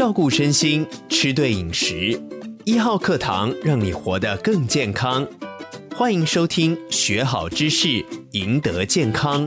照顧身心，吃對飲食。一號課堂讓你活得更健康，歡迎收聽，學好知識，贏得健康。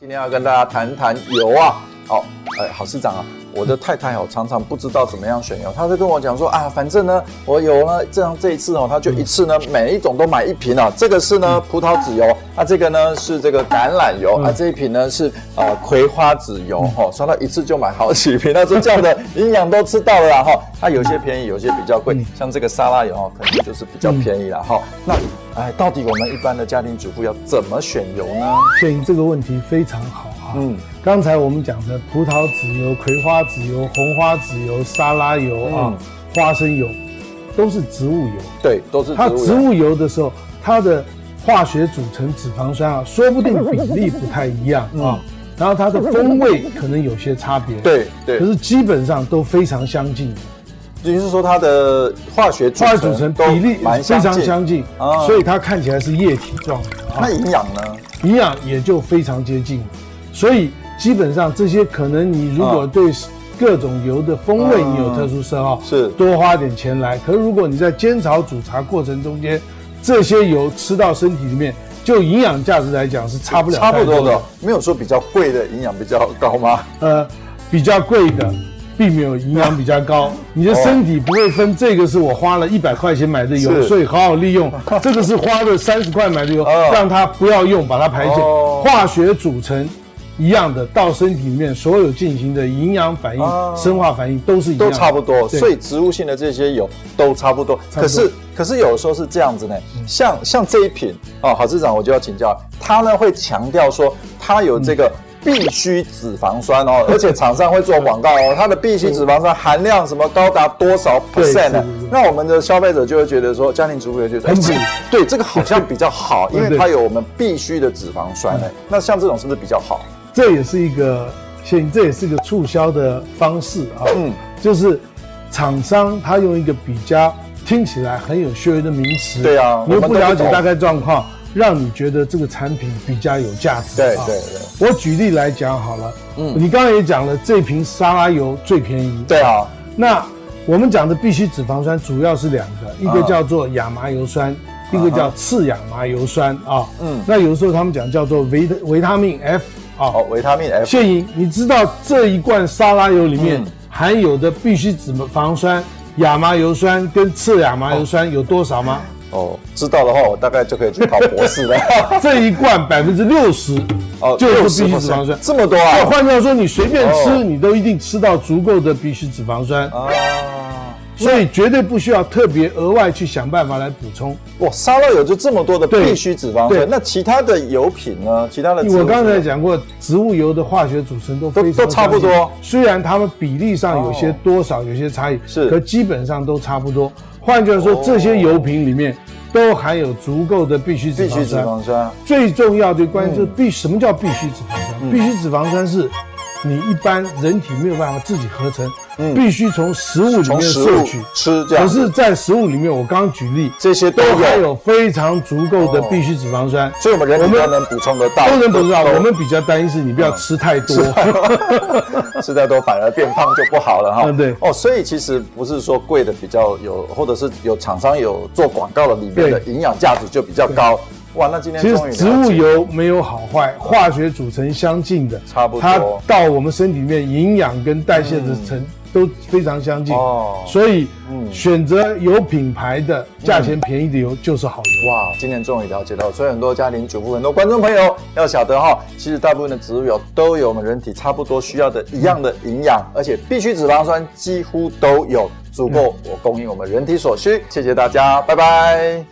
今天要跟大家談談油啊，哦，哎，郝市長啊。我的太太哦，常常不知道怎麼樣選油，她就跟我講說啊，反正呢，我有了這樣這一次哦，她就一次呢，每一種都買一瓶啊。這個是呢、嗯、葡萄籽油，啊這個呢是這個橄欖油、嗯、啊，這一瓶呢是啊、呃、葵花籽油哦、嗯，刷到一次就買好幾瓶，那、嗯、這樣的營養都吃到了哈。它、 啊、有些便宜，有些比較貴、嗯，像這個沙拉油哦，可能就是比較便宜了哈、嗯哦。那哎，到底我們一般的家庭主婦要怎麼選油呢？所以這個問題非常好啊。嗯，剛才我們講的葡萄籽油、葵花籽籽油、紅花籽油、沙拉油啊、嗯嗯、花生油，都是植物油。對，都是植它植物油的時候，它的化學組成脂肪酸啊，說不定比例不太一樣、嗯、啊。然後它的風味可能有些差別。對對。可是基本上都非常相近的。等於是說，它的化學化學組成比例蠻相近非常相近、啊，所以它看起來是液體狀的、啊。那營養呢？營養也就非常接近，所以。基本上這些可能你如果對各種油的風味，你有特殊嗜好、嗯，是多花點錢來。可是如果你在煎炒煮茶過程中間，這些油吃到身體裡面，就營養價值來講是差不了太多的，差不多的。沒有說比較貴的營養比較高嗎？呃，比較貴的並沒有營養比較高、啊。你的身體不會分這個是我花了一百塊錢買的油，所以好好利用。這個是花了三十塊買的油，啊、讓它不要用，把它排解、啊。化學組成。一樣的，到身體裡面所有進行的營養反應、啊、生化反應都是應都差不多，所以植物性的這些油，都差不多。不多，可是可是有時候是這樣子呢，像像這一品哦，郝市長我就要請教，他呢會強調說他有這個必需脂肪酸哦，嗯、而且廠商會做廣告哦， 它的必需脂肪酸含量什麼高達多少 percent 呢是是是？那我們的消費者就會覺得說，家庭主婦就覺得，oh 欸、對，對這個好像比較好，因為它有我們必需的、嗯、的脂肪酸呢。那像這種是不是比較好？這也是一個現，這也是一個促銷的方式啊，嗯，就是廠商他用一個比較聽起來很有學問的名詞，對啊，你又不了解大概狀況，讓你覺得這個產品比較有價值，對對對。我舉例來講好了，嗯，你剛才也講了，這瓶沙拉油最便宜，對啊，那我們講的必需脂肪酸主要是兩個，一個叫做亞麻油酸，一個叫次亞麻油酸啊，嗯，那有時候他們講叫做維維他命 F。哦，哦、維他命 F。獻瑩，你知道這一罐沙拉油裡面、嗯、含有的必需脂肪酸、亞麻油酸跟次亞麻油酸有多少嗎？哦，哦，知道的話，我大概就可以去考博士了。 這一罐百分之六十哦，就是必需脂肪酸、哦，這麼多啊！就換句話說，你隨便吃、哦，你都一定吃到足夠的必需脂肪酸啊。哦哦所以絕對不需要特別額外去想辦法來補充。哇，沙拉油就這麼多的必需脂肪酸。對，對，那其他的油品呢？其他的我剛才講過，植物油的化學組成都非常都，都差不多，雖然它們比例上有些多少、哦、有些差異，是，可基本上都差不多。換句話說，哦、這些油品裡面都含有足夠的必需脂肪酸。必需脂肪酸，最重要的關鍵就是必、嗯、什麼叫必需脂肪酸？嗯、必需脂肪酸是。你一般人體沒有辦法自己合成，嗯、必須從食物裡面攝取吃。可是，在食物裡面，我剛舉例這些都，有，都有非常足夠的必需脂肪酸、哦，所以我們人體都能補充得到，都能補充到。我們比較擔心是你不要吃太多，嗯、吃太多， 吃太多反而變胖就不好了哈、嗯。對哦，所以其實不是說貴的比較有，或者是有廠商有做廣告的裡面的營養價值就比較高。哇，那今天終於其實植物油沒有好壞、哦，化學組成相近的，差不多，它到我們身體裡面，營養跟代謝的成都非常相近，嗯哦、所以，選擇有品牌的、嗯、價錢便宜的油就是好油。哇，今天終於了解到，所以很多家庭主婦、很多觀眾朋友要曉得哈、哦，其實大部分的植物油都有我們人體差不多需要的一樣的營養，而且必需脂肪酸幾乎都有足夠我供應我們人體所需。謝謝大家，拜拜。